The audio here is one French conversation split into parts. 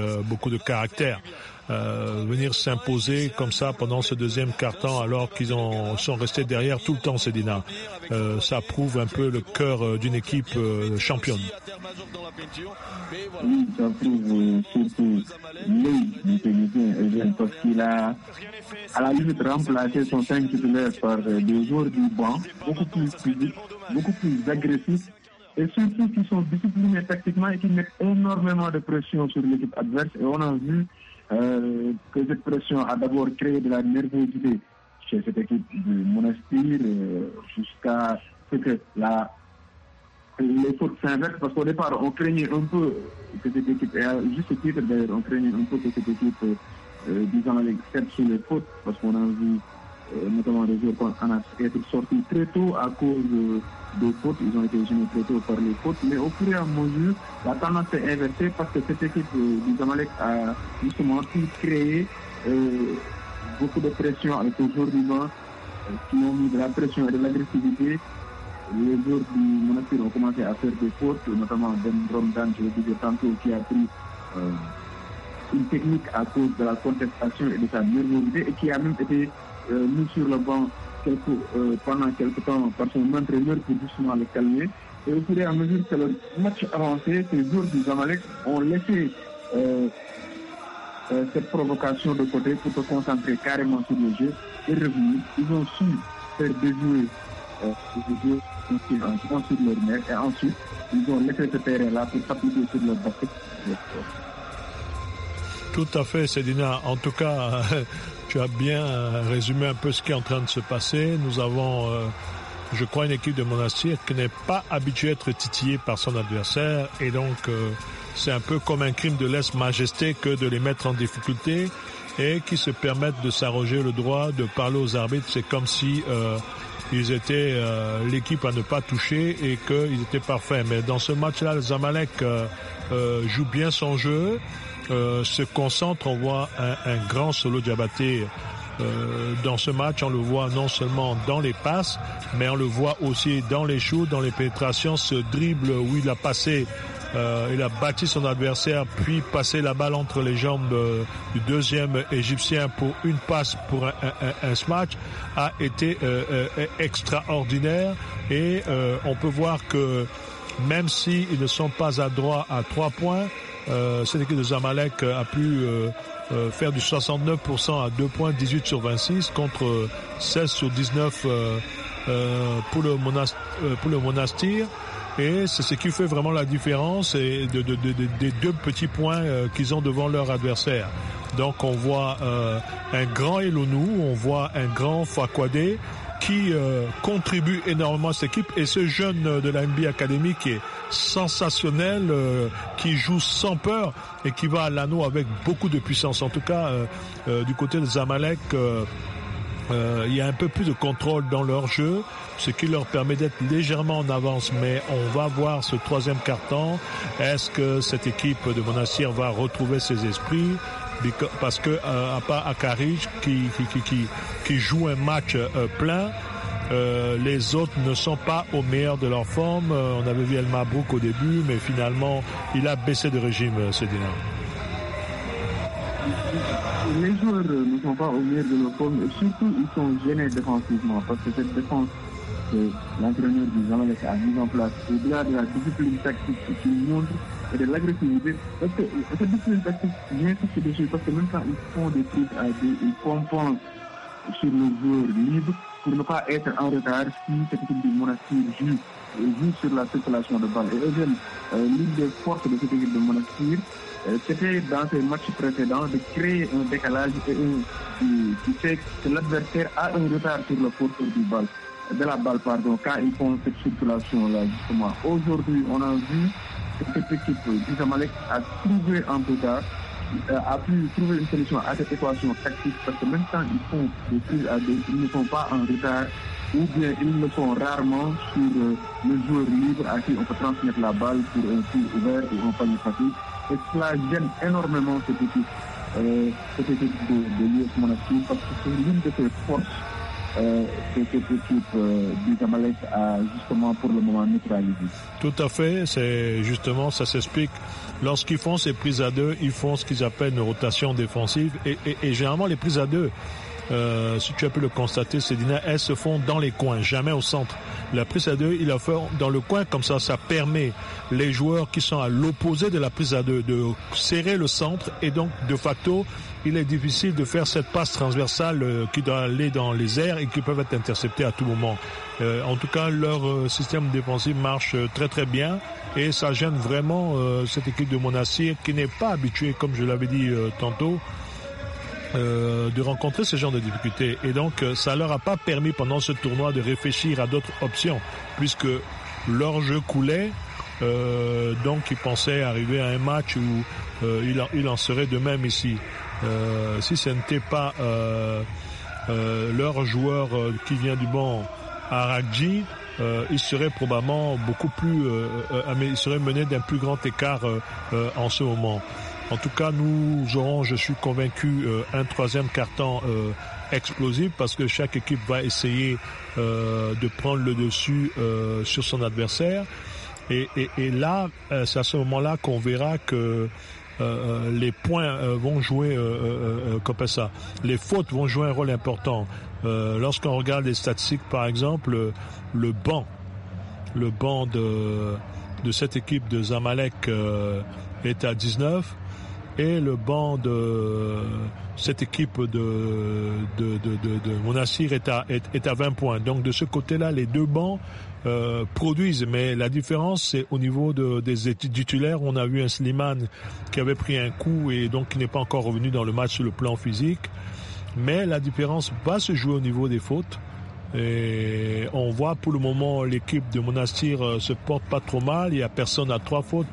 Euh, beaucoup de caractère. Euh, venir s'imposer comme ça pendant ce deuxième quart-temps alors qu'ils ont sont restés derrière tout le temps Sedina. Euh, ça prouve un peu le cœur euh, d'une équipe euh, championne. Oui, ça prouve surtout l'intelligence parce qu'il a à la limite remplacé son 5 titulaire par des joueurs du banc beaucoup plus physiques, beaucoup plus agressifs et surtout qui sont disciplinés tactiquement et qui mettent énormément de pression sur l'équipe adverse. Et on a vu euh, que cette pression a d'abord créé de la nervosité chez cette équipe du Monastir euh, jusqu'à ce que la, les fautes s'inversent parce qu'au départ on craignait un peu que cette équipe, et à juste titre d'ailleurs, on craignait un peu que cette équipe, euh, euh disons, avec sur les fautes parce qu'on a vu euh, notamment des joueurs Anas, être sortis très tôt à cause euh, des fautes. Ils ont été gênés très tôt par les fautes. Mais au fur et à mesure, la tendance s'est inversée parce que cette équipe euh, du Zamalek a justement pu créer beaucoup de pression avec les qui ont mis de la pression et de l'agressivité. Les joueurs du Monastir ont commencé à faire des fautes, notamment Ben Romdan, je le disais tantôt, qui a pris. une technique à cause de la contestation et de sa nervosité et qui a même été mis euh, sur le banc euh, pendant quelques temps par son entraîneur pour doucement le calmer. Et au fur et à mesure que le match avançait, ces joueurs du Zamalek ont laissé euh, cette provocation de côté pour se concentrer carrément sur le jeu et revenir. Ils ont su faire déjouer les jeux en sur leur mère et ensuite ils ont laissé ce terrain-là pour s'appuyer sur le basket. Tout à fait, Sedina. En tout cas, tu as bien euh, résumé un peu ce qui est en train de se passer. Nous avons, euh, je crois, une équipe de Monastir qui n'est pas habituée à être titillée par son adversaire. Et donc, euh, c'est un peu comme un crime de laisse majesté que de les mettre en difficulté et qui se permettent de s'arroger le droit de parler aux arbitres. C'est comme si ils étaient l'équipe à ne pas toucher et qu'ils étaient parfaits. Mais dans ce match-là, Zamalek joue bien son jeu. Euh, se concentre. On voit un, grand solo Diabaté euh, dans ce match. On le voit non seulement dans les passes, mais on le voit aussi dans les shoots, dans les pénétrations. Ce dribble où il a passé, euh, il a battu son adversaire, puis passé la balle entre les jambes du deuxième Égyptien pour une passe pour un, un, smash, a été extraordinaire. Et on peut voir que même s'ils ne sont pas à droit à trois points, c'est cette équipe de Zamalek a pu euh, euh, faire du 69% à 2 points 18 sur 26 contre 16 euh, sur 19 pour le, pour le monastir et c'est ce qui fait vraiment la différence et des deux petits points qu'ils ont devant leur adversaire. Donc on voit un grand Elonou, on voit un grand Fakwade qui contribue énormément à cette équipe et ce jeune de la NBA Academy qui est sensationnel euh, qui joue sans peur et qui va à l'anneau avec beaucoup de puissance. En tout cas, euh, euh, du côté de Zamalek, il y a un peu plus de contrôle dans leur jeu, ce qui leur permet d'être légèrement en avance. Mais on va voir ce troisième carton. Est-ce que cette équipe de Monastir va retrouver ses esprits parce que à part Akaric qui, qui, qui, qui, joue un match plein, euh, les autres ne sont pas au meilleur de leur forme. Euh, on avait vu El Mabrouk au début, mais finalement, il a baissé de régime, euh, ce dénard. Les joueurs ne sont pas au meilleur de leur forme et surtout, ils sont gênés défensivement parce que cette défense l'entraîneur du Zamalek a mis en place au-delà de la discipline tactique qui montre et de l'agressivité. Parce que cette discipline tactique vient sur des parce que même quand ils font des trucs à deux, ils compensent sur le joueurs libre pour ne pas être en retard si cette équipe du Monastir euh, joue, sur la circulation de balles. Et Eugène, euh, l'une des forces de cette équipe de Monastir, euh, c'était dans ces matchs précédents de créer un décalage et qui, fait que l'adversaire a un retard sur le porteur du de la balle, pardon, quand ils font cette circulation-là, Aujourd'hui, on a vu que cette équipe du Zamalek a trouvé un retard a euh, pu trouver une solution à cette équation tactique parce que même quand ils font des à deux, ils ne sont pas en retard ou bien ils le font rarement sur euh, le joueur libre à qui on peut transmettre la balle pour un tir ouvert ou un panier facile. Et cela gêne énormément cette équipe, euh, cette équipe de, de l'US parce que c'est l'une de ses forces que cette équipe du Jamalek a justement pour le moment neutralisé. Tout à fait, c'est justement ça s'explique Lorsqu'ils font ces prises à deux, ils font ce qu'ils appellent une rotation défensive. Et, généralement, les prises à deux, euh, si tu as pu le constater, ces dîners, elles se font dans les coins, jamais au centre. La prise à deux, il a fait dans le coin, comme ça, ça permet les joueurs qui sont à l'opposé de la prise à deux de serrer le centre et donc, de facto, il est difficile de faire cette passe transversale euh, qui doit aller dans les airs et qui peuvent être interceptées à tout moment. Euh, en tout cas, leur système défensif marche très très bien et ça gêne vraiment cette équipe de Monassir qui n'est pas habituée, comme je l'avais dit tantôt, euh, de rencontrer ce genre de difficultés. Et donc, euh, ça leur a pas permis pendant ce tournoi de réfléchir à d'autres options, puisque leur jeu coulait. Euh, donc, ils pensaient arriver à un match où il, en, serait de même ici. si ce n'était pas leur joueur qui vient du banc, à euh, il serait probablement beaucoup plus, euh, il serait mené d'un plus grand écart en ce moment. En tout cas, nous aurons, je suis convaincu, euh, un troisième carton euh, explosif parce que chaque équipe va essayer euh, de prendre le dessus sur son adversaire. Et, là, c'est à ce moment-là qu'on verra que les points vont jouer comme ça. Les fautes vont jouer un rôle important. Lorsqu'on regarde les statistiques, par exemple, le banc, le banc de, de cette équipe de Zamalek est à 19 et le banc de euh, cette équipe de, de, de, de, est à, 20 points. Donc de ce côté-là, les deux bancs euh, produisent, mais la différence c'est au niveau des titulaires. On a vu un Slimane qui avait pris un coup et donc qui n'est pas encore revenu dans le match sur le plan physique. Mais la différence va se jouer au niveau des fautes. Et on voit pour le moment l'équipe de Monastir euh, se porte pas trop mal. Il y a personne à trois fautes.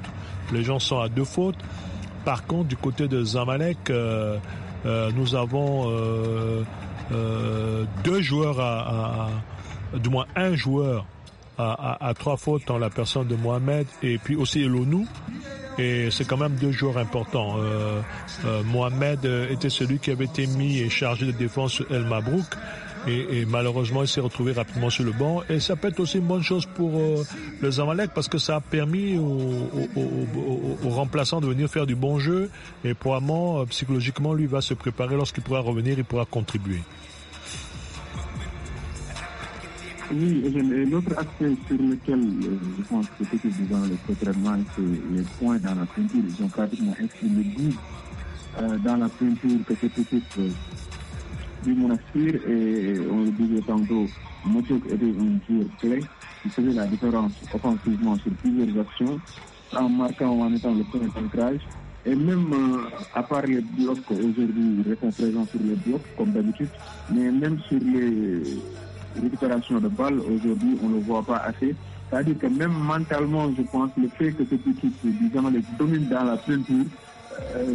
Les gens sont à deux fautes. Par contre, du côté de Zamalek, euh, euh, nous avons euh, deux joueurs, à, du moins un joueur à, trois fautes dans la personne de Mohamed et puis aussi l'ONU. Et c'est quand même deux joueurs importants. Mohamed était celui qui avait été mis et chargé de défense El Mabrouk. Et, malheureusement, il s'est retrouvé rapidement sur le banc. Et ça peut être aussi une bonne chose pour les euh, le Zamalek parce que ça a permis aux, remplaçant remplaçants de venir faire du bon jeu. Et probablement, euh, psychologiquement, lui va se préparer. Lorsqu'il pourra revenir, il pourra contribuer. Oui, l'autre aspect sur lequel euh, je pense que c'était dans le traitement, c'est les points dans la peinture. Ils ont pratiquement exprimé le goût dans la peinture que peut-être. Mon Monastir, et on le disait tantôt, Motok était un joueur clé il faisait la différence offensivement sur plusieurs actions, en marquant ou en étant le premier ancrage. Et même euh, à part les blocs aujourd'hui, ils répondent présents sur les blocs comme d'habitude, mais même sur les récupérations de balles, aujourd'hui on ne le voit pas assez. C'est-à-dire que même mentalement, je pense, le fait que cette équipe, disons, les domine dans la peinture, euh,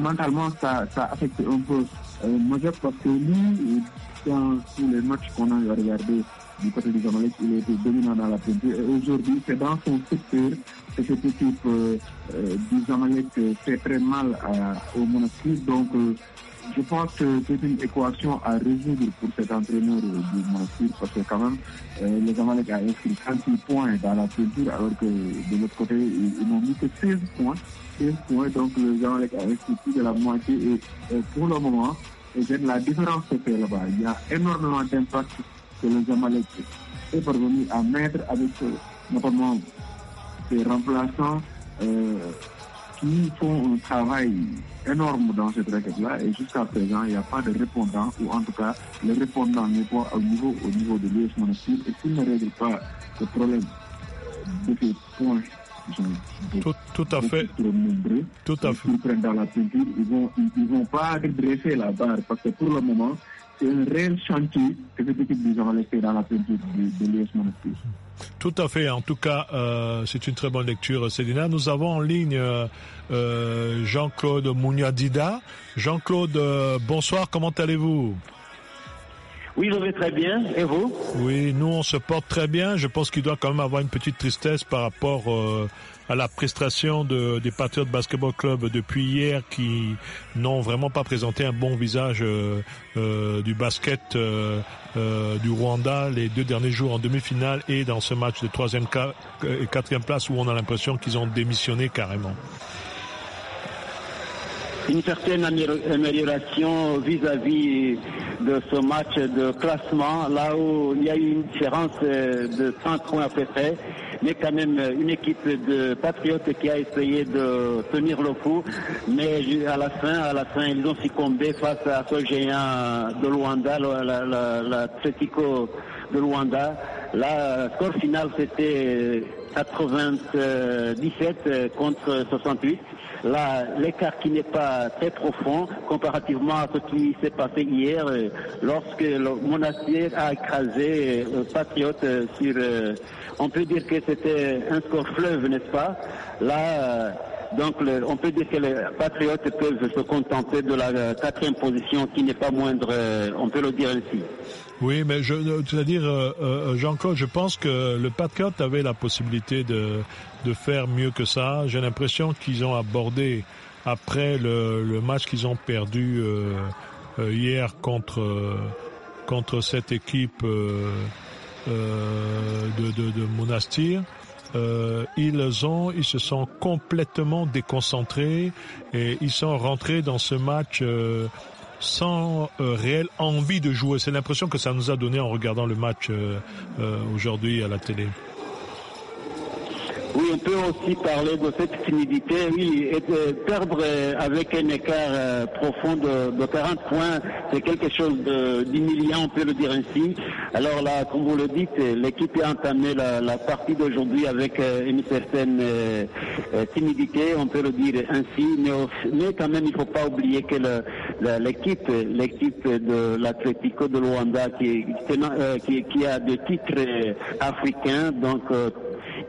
mentalement, ça, ça affecte un peu euh, je parce que lui, dans tous les matchs qu'on a regardé du côté du Zamalek, il était dominant dans la peinture. aujourd'hui, c'est dans son secteur que cette équipe euh, euh du fait très mal au Monastir, Donc, euh, je pense que c'est une équation à résoudre pour cet entraîneur du Mansour parce que quand même, le euh, les Amalek a inscrit 36 points dans la culture alors que de l'autre côté, ils n'ont mis que 16 points. 16 points, donc les Jamalek a inscrit plus de la moitié et, euh, pour le moment, eh la différence se fait là-bas. Il y a énormément d'impact que les Jamalek est parvenu à mettre avec euh, notamment ses remplaçants qui font un travail énorme dans cette requête-là et jusqu'à présent, il n'y a pas de répondant ou en tout cas, le répondant n'est pas au niveau, au niveau de l'US Monastir et qui ne règle pas le problème de ces points tout, tout, à fait. tout à fait. Ils prennent dans la peinture, ils vont, vont pas redresser la barre parce que pour le moment, tout à fait. En tout cas, euh, c'est une très bonne lecture, Célina. Nous avons en ligne euh, euh, Jean-Claude Mouniadida. Jean-Claude, bonsoir. Comment allez-vous oui, je vais très bien. Et vous Oui, nous, on se porte très bien. Je pense qu'il doit quand même avoir une petite tristesse par rapport à la prestation de, des Patriots Basketball Club depuis hier qui n'ont vraiment pas présenté un bon visage euh, euh, du basket euh, du Rwanda les deux derniers jours en demi-finale et dans ce match de troisième et quatrième place où on a l'impression qu'ils ont démissionné carrément une certaine amélioration vis-à-vis de ce match de classement, là où il y a eu une différence euh, de 30 points à peu près, mais quand même euh, une équipe de patriotes qui a essayé de tenir le coup, mais à la fin, à la fin, ils ont succombé face à ce géant de Luanda, la, la, de Luanda. Là, score final, c'était 97 euh, contre 68. Là, l'écart qui n'est pas très profond comparativement à ce qui s'est passé hier euh, lorsque le monastère a écrasé euh, Patriote sur... On peut dire que c'était un score fleuve, n'est-ce pas Là, donc le, on peut dire que les Patriotes peuvent se contenter de la quatrième position qui n'est pas moindre, on peut le dire ainsi. Oui, mais je, euh, c'est-à-dire, euh, euh, Jean-Claude, je pense que le Patcote avait la possibilité de, de faire mieux que ça. J'ai l'impression qu'ils ont abordé après le, match qu'ils ont perdu hier contre contre cette équipe de, de, de, Monastir. ils ont, ils se sont complètement déconcentrés et ils sont rentrés dans ce match sans euh, réelle envie de jouer. C'est l'impression que ça nous a donné en regardant le match euh, euh, aujourd'hui à la télé. Oui, on peut aussi parler de cette timidité, oui, perdre avec un écart profond de, 40 points, c'est quelque chose d'humiliant, on peut le dire ainsi. Alors là, comme vous le dites, l'équipe a entamé la, partie d'aujourd'hui avec une certaine timidité, on peut le dire ainsi, mais, mais quand même, il ne faut pas oublier que le, l'équipe, l'équipe de l'Atlético de Luanda qui, qui, euh, qui, a des titres euh, africains, donc euh,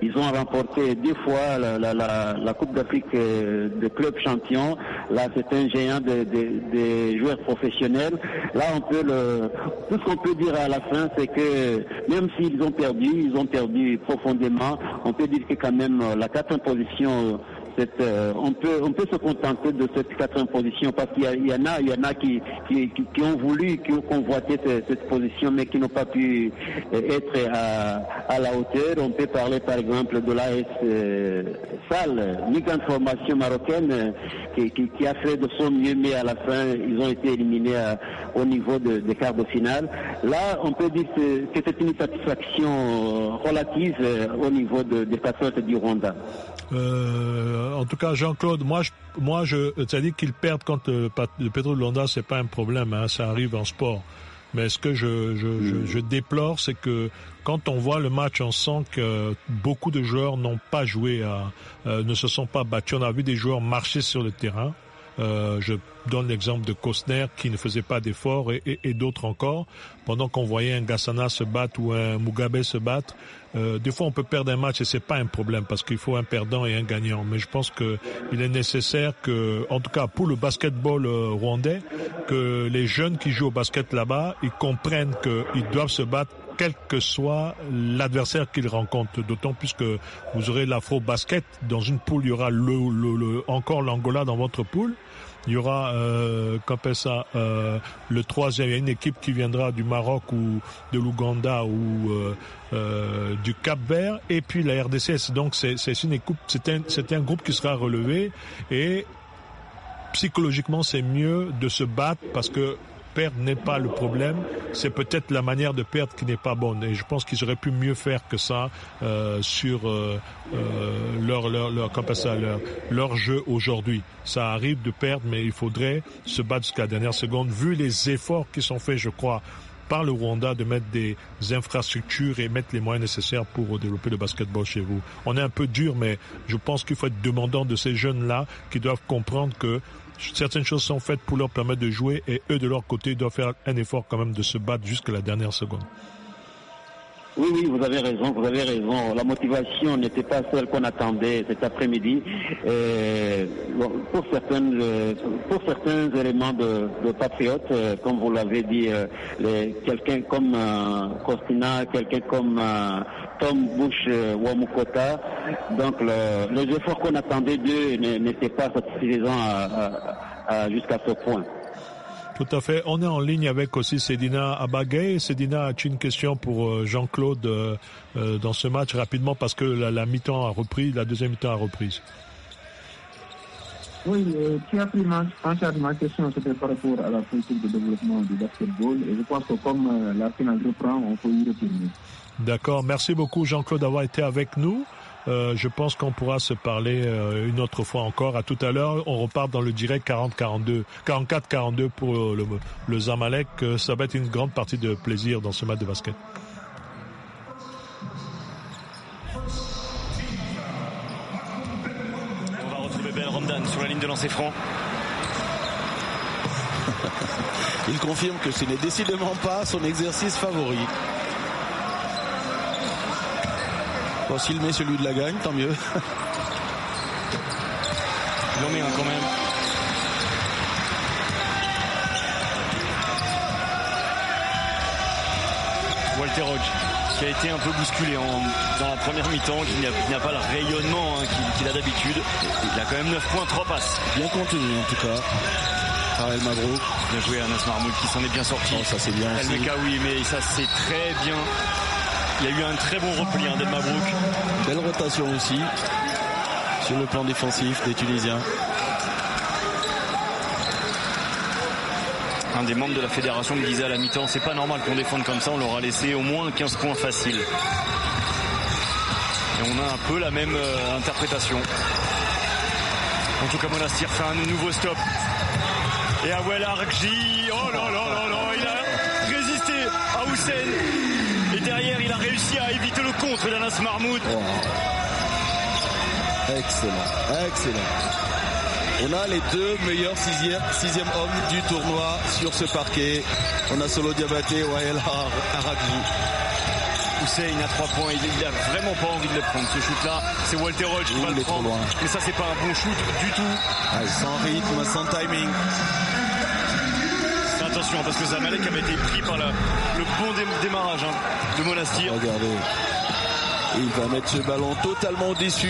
ils ont remporté deux fois la, la, Coupe d'Afrique de club champion. Là, c'est un géant des de, joueurs professionnels. Là, on peut le, tout ce qu'on peut dire à la fin, c'est que même s'ils ont perdu, ils ont perdu profondément. On peut dire que quand même la quatrième position euh, on peut on peut se contenter de cette quatrième position parce qu'il y, en a il y en a qui qui, ont voulu qui ont convoité cette, position mais qui n'ont pas pu euh, être à, la hauteur. On peut parler par exemple de la euh, Salle, une grande formation marocaine euh, qui, a fait de son mieux mais à la fin ils ont été éliminés au niveau des quarts de finale. Là on peut dire que c'est une satisfaction relative au niveau des de, du Rwanda. Euh euh, en tout cas, Jean-Claude, moi, je, moi, je, cest à qu'ils perdent contre le, Londa, ce n'est c'est pas un problème, hein, ça arrive en sport. Mais ce que mm. je, déplore, c'est que quand on voit le match, on sent que beaucoup de joueurs n'ont pas joué, euh, ne se sont pas battus. On a vu des joueurs marcher sur le terrain. Euh, je donne l'exemple de Kostner qui ne faisait pas d'efforts et, d'autres encore. Pendant qu'on voyait un Gassana se battre ou un Mugabe se battre, euh, des fois on peut perdre un match et c'est pas un problème parce qu'il faut un perdant et un gagnant. Mais je pense que il est nécessaire que, en tout cas pour le basketball euh, rwandais, que les jeunes qui jouent au basket là-bas, ils comprennent qu'ils doivent se battre quel que soit l'adversaire qu'il rencontre. D'autant plus que vous aurez l'afro-basket. Dans une poule, il y aura le, encore l'Angola dans votre poule. Il y aura, euh, ça, euh, le troisième. Il y a une équipe qui viendra du Maroc ou de l'Ouganda ou euh, euh, du Cap Vert. Et puis la RDCS. Donc c'est, une équipe, c'est c'est un groupe qui sera relevé. Et psychologiquement, c'est mieux de se battre parce que perdre n'est pas le problème, c'est peut-être la manière de perdre qui n'est pas bonne. Et je pense qu'ils auraient pu mieux faire que ça euh, sur euh, euh, leur, leur, leur, leur jeu aujourd'hui. Ça arrive de perdre, mais il faudrait se battre jusqu'à la dernière seconde, vu les efforts qui sont faits, je crois, par le Rwanda de mettre des infrastructures et mettre les moyens nécessaires pour développer le basketball chez vous. On est un peu dur, mais je pense qu'il faut être demandant de ces jeunes-là qui doivent comprendre que certaines choses sont faites pour leur permettre de jouer et eux de leur côté doivent faire un effort quand même de se battre jusqu'à la dernière seconde. Oui, oui, vous avez raison, vous avez raison. La motivation n'était pas celle qu'on attendait cet après-midi. pour, euh, pour certains éléments de, de patriotes, euh, comme vous l'avez dit, euh, quelqu'un comme Costina, quelqu'un comme Tom Bush Wamukota, donc le, les efforts qu'on attendait d'eux n'étaient pas satisfaisants jusqu'à ce point. Tout à fait. On est en ligne avec aussi Sedina Abagay. Sedina, as-tu une question pour euh, Jean-Claude euh, euh, dans ce match rapidement parce que la, mi-temps a repris, la deuxième mi-temps a repris. Oui, tu as pris ma, en charge ma question, c'était par rapport à la politique de développement du basketball. Et je pense que comme la finale reprend, on peut y revenir. D'accord. Merci beaucoup, Jean-Claude, d'avoir été avec nous. Euh, je pense qu'on pourra se parler euh, une autre fois encore. À tout à l'heure, on repart dans le direct 40-42, 44-42 pour le, le Zamalek. Euh, ça va être une grande partie de plaisir dans ce match de basket. On va retrouver Ben Rondan sur la ligne de lancer franc. Il confirme que ce n'est décidément pas son exercice favori. s'il met celui de la gagne, tant mieux. Il en met un quand même. Walter Rock, qui a été un peu bousculé dans la première mi-temps, n'y a pas le rayonnement hein, qu'il a d'habitude. Il a quand même 9 points, 3 passes. Bien contenu en tout cas. Magro, Bien joué à Anas qui s'en est bien sorti. Oh, ça c'est bien. El oui, mais ça c'est très bien il y a eu un très bon repli hein, Brook. Belle rotation aussi sur le plan défensif des Tunisiens. Un des membres de la fédération me disait à la mi-temps, c'est pas normal qu'on défende comme ça, on leur a laissé au moins 15 points faciles. Et on a un peu la même euh, interprétation. En tout cas, Monastir fait un nouveau stop. Et Awel Argi. oh là là là là, il a résisté à Hussein derrière, il a réussi à éviter le contre d'Anas Marmoud. Oh. Excellent, excellent. On a les deux meilleurs sixième, hommes du tournoi sur ce parquet. On a Solo Diabaté, Wael Arabji. Hussein à trois points, il a vraiment pas envie de le prendre ce shoot là. C'est Walter Hodge qui va le prendre. Mais ça c'est pas un bon shoot du tout. Ah, sans rythme, sans timing attention, parce que Zamalek avait été pris par le bon démarrage hein, de Monastir. Regardez. Il va mettre ce ballon totalement déçu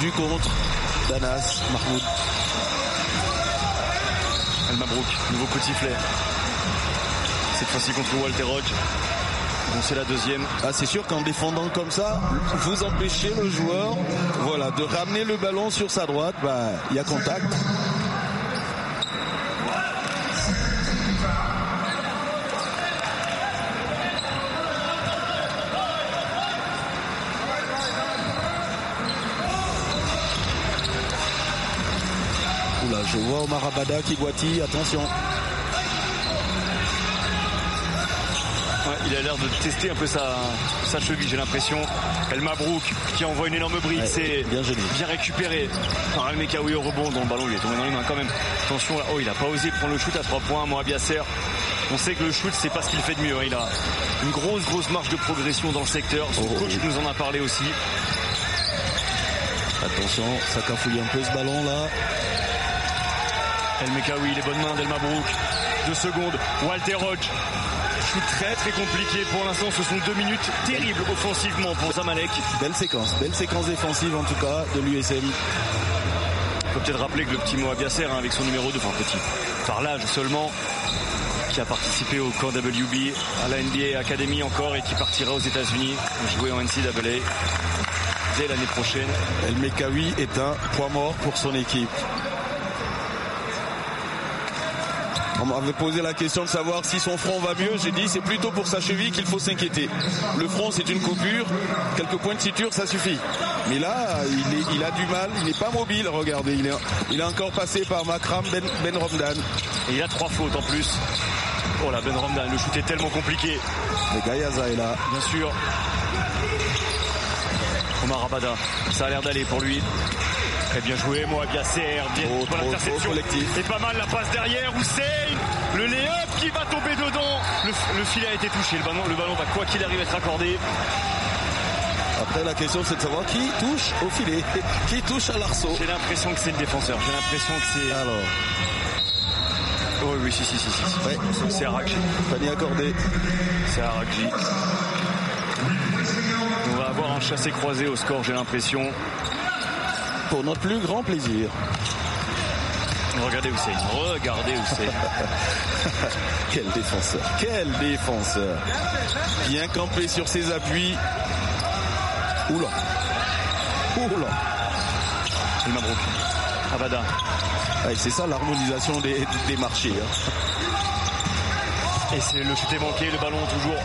du contre d'Anas Mahmoud. El Mabrouk, nouveau coup de sifflet. Cette fois-ci contre Walter Rock. c'est la deuxième. Ah, c'est sûr qu'en défendant comme ça, vous empêchez le joueur voilà, de ramener le ballon sur sa droite. Bah, il y a contact. Omar Kiguati, attention. il a l'air de tester un peu sa, cheville, j'ai l'impression. El Mabrouk qui envoie une énorme brique, c'est bien, récupéré. par au rebond, dans le ballon il est tombé dans les mains quand même. Attention, là, oh, il a pas osé prendre le shoot à trois points, Moab Yasser. On sait que le shoot, c'est pas ce qu'il fait de mieux. Hein. Il a une grosse, grosse marge de progression dans le secteur. Son oh, coach oh. nous en a parlé aussi. Attention, ça cafouille un peu ce ballon là. El Mekawi, les bonnes mains d'Elma Brook. Deux secondes. Walter Hodge. C'est très très compliqué pour l'instant. Ce sont deux minutes terribles offensivement pour Zamalek. Belle séquence, belle séquence défensive en tout cas de l'USM. On faut peut-être rappeler que le petit Moab Yasser hein, avec son numéro 2, enfin petit, par l'âge seulement, qui a participé au camp WB, à la NBA Academy encore et qui partira aux États-Unis jouer en NCAA dès l'année prochaine. El Mekawi est un poids mort pour son équipe. On m'avait posé la question de savoir si son front va mieux. J'ai dit c'est plutôt pour sa cheville qu'il faut s'inquiéter. Le front c'est une coupure, quelques points de suture ça suffit. Mais là il, a du mal, il n'est pas mobile. Regardez, il est, encore passé par Makram Ben, ben Et il a trois fautes en plus. Oh là Ben Ramdan, le shoot est tellement compliqué. Mais Gayaza est là. Bien sûr. Omar Abada, ça a l'air d'aller pour lui. Très bien joué, Moabia Serre. Bien l'interception. Et pas mal la passe derrière. c'est le Léop qui va tomber dedans. Le, filet a été touché. Le ballon, le ballon va, quoi qu'il arrive, être accordé. Après, la question, c'est de savoir qui touche au filet, qui touche à l'arceau. J'ai l'impression que c'est le défenseur. J'ai l'impression que c'est. Alors. Oh oui, oui, si, si, si, si. C'est Arakji. Fanny accordé. C'est Arakji. On va avoir un chassé croisé au score, j'ai l'impression pour notre plus grand plaisir. Regardez où c'est. Regardez où c'est. Quel défenseur. Quel défenseur. Bien campé sur ses appuis. Oula. Oula. Il là c'est ça l'harmonisation des, marchés. Hein. Et c'est le chute manqué, le ballon toujours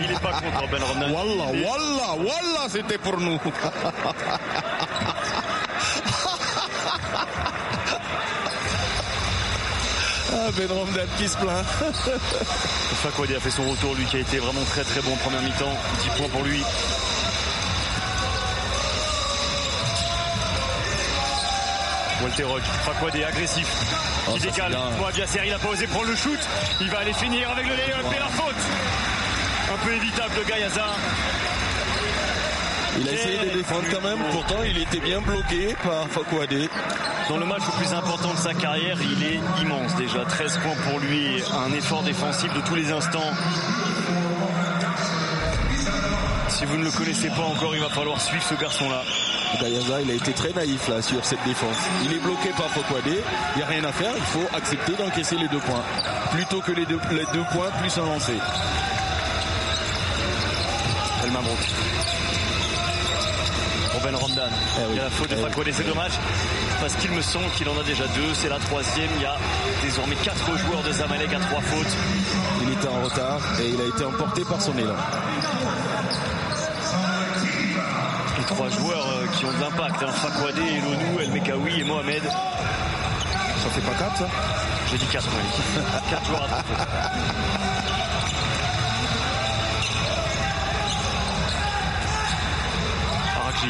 il est pas contre Ben Romney. Wallah, wallah, wallah, c'était pour nous. Ah, ben Romnette qui se plaint. Fakwadi a fait son retour, lui qui a été vraiment très très bon en première mi-temps. 10 points pour lui. Walter Rock, Fakouade agressif. qui oh, décale. Boadjasser, il a pas osé prendre le shoot. Il va aller finir avec le layup et la faute. Un peu évitable de Gaïaza. Il a essayé de défendre quand même, pourtant il était bien bloqué par Fakouadé. Dans le match le plus important de sa carrière, il est immense déjà. 13 points pour lui, un effort défensif de tous les instants. Si vous ne le connaissez pas encore, il va falloir suivre ce garçon-là. Gayaza, il a été très naïf là sur cette défense. Il est bloqué par Fokwade, il n'y a rien à faire, il faut accepter d'encaisser les deux points. Plutôt que les deux, points, plus un lancer. El Mabrouk. Robin Rondan, eh Il y a la faute de eh Fokwade, c'est dommage. Parce qu'il me semble qu'il en a déjà deux, c'est la troisième. Il y a désormais quatre joueurs de Zamalek à trois fautes. Il était en retard et il a été emporté par son élan les trois joueurs euh, qui ont de l'impact. Hein. Fakwade, Elonou, El Mekawi et Mohamed. Ça fait pas 4 ça J'ai dit 4, oui. 4 joueurs à Araki.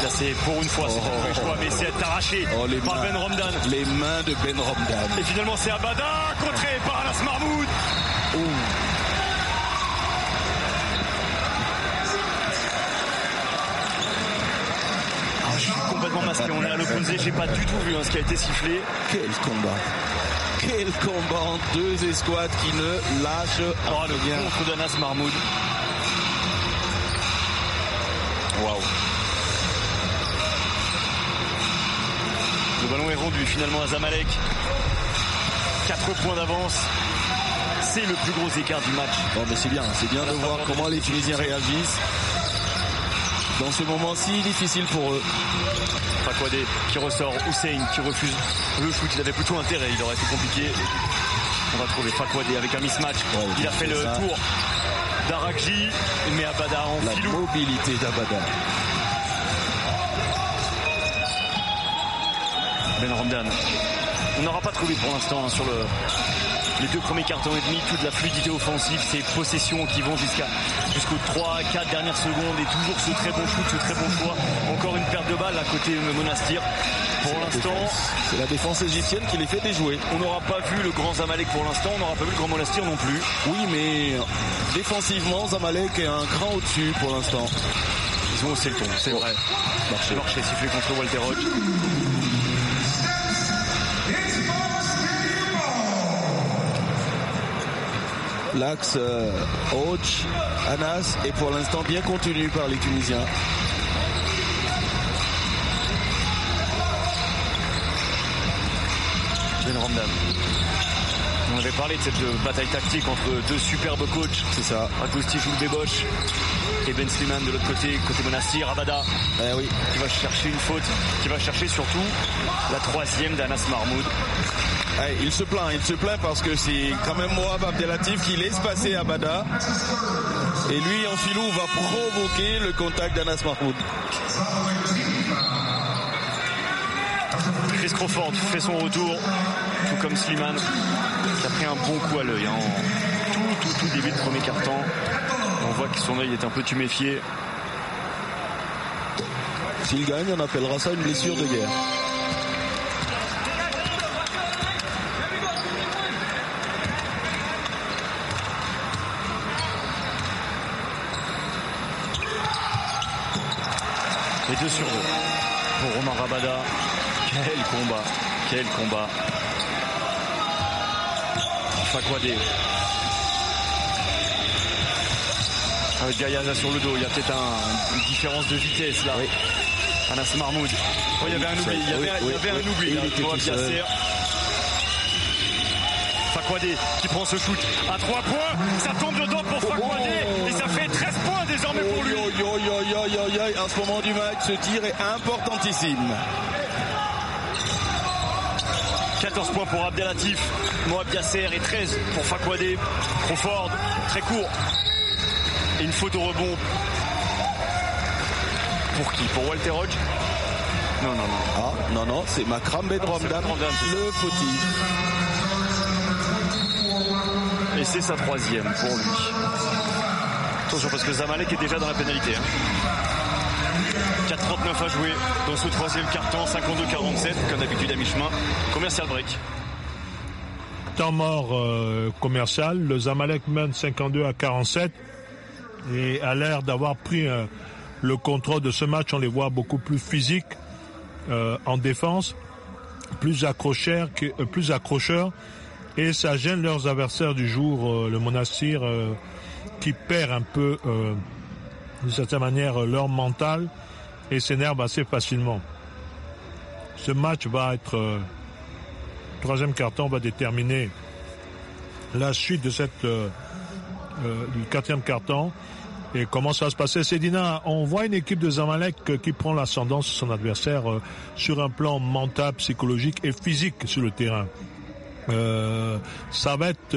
Là c'est pour une fois, c'est pas le choix, mais c'est arraché oh, par mains, Ben Ramdan. Les mains de Ben Ramdan. Et finalement c'est Abada, contré par Alas Marmoud. parce qu'on à à l'opposé, j'ai pas du tout vu hein, ce qui a été sifflé. Quel combat Quel combat deux escouades qui ne lâchent oh, le rien. contre d'Anas Marmoud. Waouh Le ballon est rendu finalement à Zamalek. 4 points d'avance. C'est le plus gros écart du match. Oh, c'est bien, c'est bien de voir comment les Tunisiens réagissent dans ce moment si difficile pour eux. Fakwade qui ressort, Hussein qui refuse le foot, il avait plutôt intérêt, il aurait été compliqué. On va trouver Fakwade avec un mismatch. il a fait le tour d'Arakji, mais Abada en La mobilité d'Abada. Ben Ramdan. On n'aura pas trouvé pour l'instant hein, sur le les deux premiers cartons et demi, toute la fluidité offensive, ces possessions qui vont jusqu'à jusqu'aux 3, 4 dernières secondes et toujours ce très bon shoot, ce très bon choix. Encore une perte de balles à côté de Monastir. Pour l'instant, c'est la défense égyptienne qui les fait déjouer. On n'aura pas vu le grand Zamalek pour l'instant, on n'aura pas vu le grand Monastir non plus. Oui, mais défensivement, Zamalek est un cran au-dessus pour l'instant. Ils ont aussi le ton, c'est vrai. Marché, marché, sifflé contre Walter Rock l'axe euh, coach Anas est pour l'instant bien contenu par les Tunisiens. Ben On avait parlé de cette euh, bataille tactique entre deux superbes coachs. C'est ça. Agustin ou le Et Ben Sliman de l'autre côté, côté Monassi, Rabada. Eh oui. Qui va chercher une faute. Qui va chercher surtout la troisième d'Anas Mahmoud il se plaint, il se plaint parce que c'est quand même Moab Abdelatif qui laisse passer Abada. Et lui, en filou, va provoquer le contact d'Anas Mahmoud. Chris Crawford fait son retour, tout comme Slimane, qui a pris un bon coup à l'œil en hein. tout, début de premier carton. On voit que son œil est un peu tuméfié. S'il gagne, on appellera ça une blessure de guerre. Et 2 sur 2 pour Romain Rabada. Quel combat, quel combat. Fakwade. Avec Gaïana sur le dos, il y a peut-être une différence de vitesse là. Oui. Anas Marmoud. Oh, il y avait un oubli. Il y avait, un oubli. Là, qui prend ce shoot à 3 points. Ça tombe aïe aïe aïe, à ce moment du match, ce tir est importantissime. 14 points pour Abdelatif, Moab Yasser et 13 pour Fakwade. Trop très court. une faute au rebond. Pour qui Pour Walter Hodge Non, non, non. Ah, non, non, c'est Makram Bedramdam, le fautif. Et c'est sa troisième pour lui parce que Zamalek est déjà dans la pénalité. 4,39 hein. à jouer dans ce troisième carton, 52-47, comme d'habitude à mi-chemin. Commercial break. Temps mort euh, commercial, le Zamalek mène 52 à 47 et a l'air d'avoir pris euh, le contrôle de ce match. On les voit beaucoup plus physiques euh, en défense, plus accrocheurs, plus accrocheurs et ça gêne leurs adversaires du jour, le Monastir qui perdent un peu, euh, d'une certaine manière, leur mental et s'énervent assez facilement. Ce match va être, euh, troisième carton va déterminer la suite de cette, euh, euh du quatrième carton et comment ça va se passer. Cédina, on voit une équipe de Zamalek qui prend l'ascendance sur son adversaire euh, sur un plan mental, psychologique et physique sur le terrain. ça va être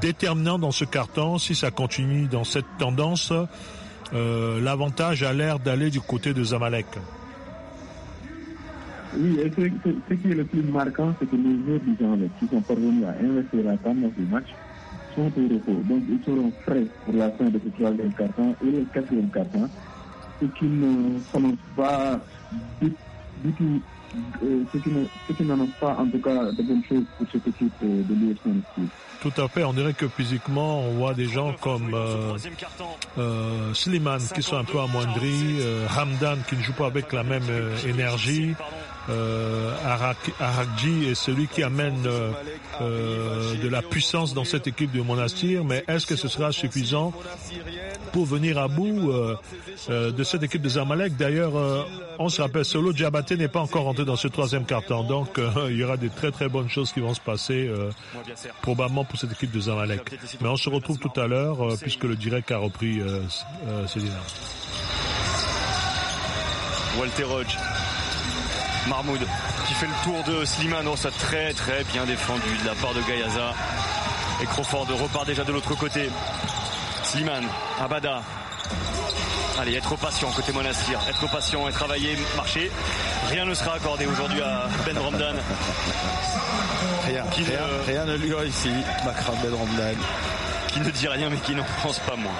déterminant dans ce carton. Si ça continue dans cette tendance, euh, l'avantage a l'air d'aller du côté de Zamalek. Oui, et ce, qui est le plus marquant, c'est que les deux du qui sont parvenus à investir la dans du match sont au repos. Donc ils seront prêts pour la fin de ce troisième carton et le quatrième carton, ce qui ne pas euh, ce qui n'annonce pas en tout cas de bonnes choses pour cette équipe euh, de l'US tout à fait. On dirait que physiquement, on voit des gens comme euh, euh qui sont un peu amoindris, euh, Hamdan qui ne joue pas avec la même euh, énergie, euh, Arakji est celui qui amène de la puissance dans cette équipe de Monastir. Mais est-ce que ce sera suffisant pour venir à bout de cette équipe de Zamalek D'ailleurs, on se rappelle, Solo Diabaté n'est pas encore rentré dans ce troisième quart-temps. Donc, il y aura des très très bonnes choses qui vont se passer probablement pour cette équipe de Zamalek. Mais on se retrouve tout à l'heure euh, puisque le direct a repris euh, euh, ses euh Walter Hodge. Marmoud qui fait le tour de Slimane. Oh, ça très très bien défendu de la part de Gayaza. Et Crawford repart déjà de l'autre côté. Slimane, Abada. Allez, être patient côté Monastir. Être patient et travailler, marcher rien ne sera accordé aujourd'hui à Ben Ramdan. Rien, rien, ne... lui ne lui ici, Ben Ramdan, Qui ne dit rien mais qui n'en pense pas moins.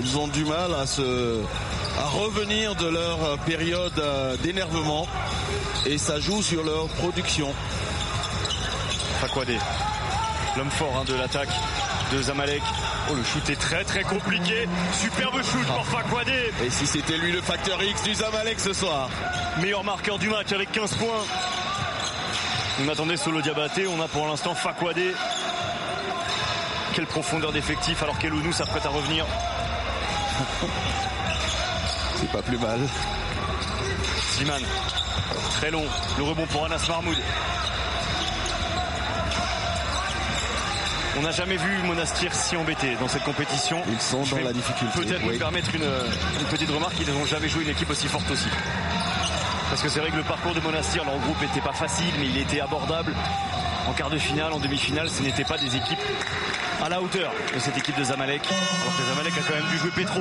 Ils ont du mal à se revenir de leur période euh, d'énervement et ça joue sur leur production. Fakwade, l'homme fort hein, de l'attaque, de Zamalek. Oh, le shoot est très très compliqué. Superbe shoot pour Fakwadé. Et si c'était lui le facteur X du Zamalek ce soir Meilleur marqueur du match avec 15 points. On attendait Solo Diabaté, on a pour l'instant Fakwadé. Quelle profondeur d'effectif alors qu'Elounou s'apprête à revenir. C'est pas plus mal. Ziman très long. Le rebond pour Anas Mahmoud. On n'a jamais vu Monastir si embêté dans cette compétition. Ils sont dans la difficulté. Peut-être vous permettre une, petite remarque. Ils n'ont jamais joué une équipe aussi forte aussi. Parce que c'est vrai que le parcours de Monastir, leur groupe n'était pas facile, mais il était abordable. En quart de finale, en demi-finale, ce n'était pas des équipes à la hauteur de cette équipe de Zamalek. Alors que Zamalek a quand même dû jouer pétro.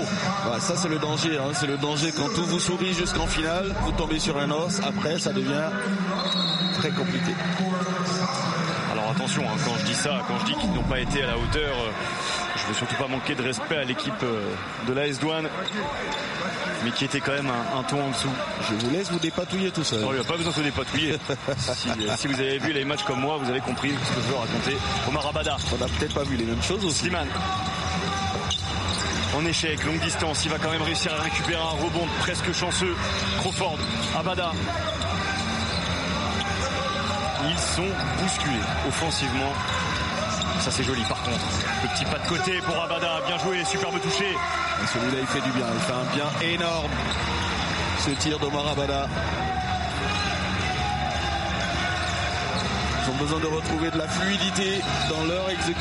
ça c'est le danger, hein. c'est le danger quand tout vous sourit jusqu'en finale, vous tombez sur un os, après ça devient très compliqué attention, hein, quand je dis ça, quand je dis qu'ils n'ont pas été à la hauteur, euh, je ne veux surtout pas manquer de respect à l'équipe euh, de l'AS Douane, mais qui était quand même un, ton en dessous. Je vous laisse vous dépatouiller tout seul. il n'y a pas besoin de se dépatouiller. Euh, si, vous avez vu les matchs comme moi, vous avez compris ce que je veux raconter. Omar Abada. On n'a peut-être pas vu les mêmes choses aussi. Slimane en échec, longue distance. Il va quand même réussir à récupérer un rebond presque chanceux. Crawford, Abada. Ils sont bousculés offensivement. Ça c'est joli par contre. Le petit pas de côté pour Abada, bien joué, superbe touché. Celui-là il fait du bien, il fait un bien énorme. Ce tir d'Omar Abada. Ils ont besoin de retrouver de la fluidité dans leur exécution.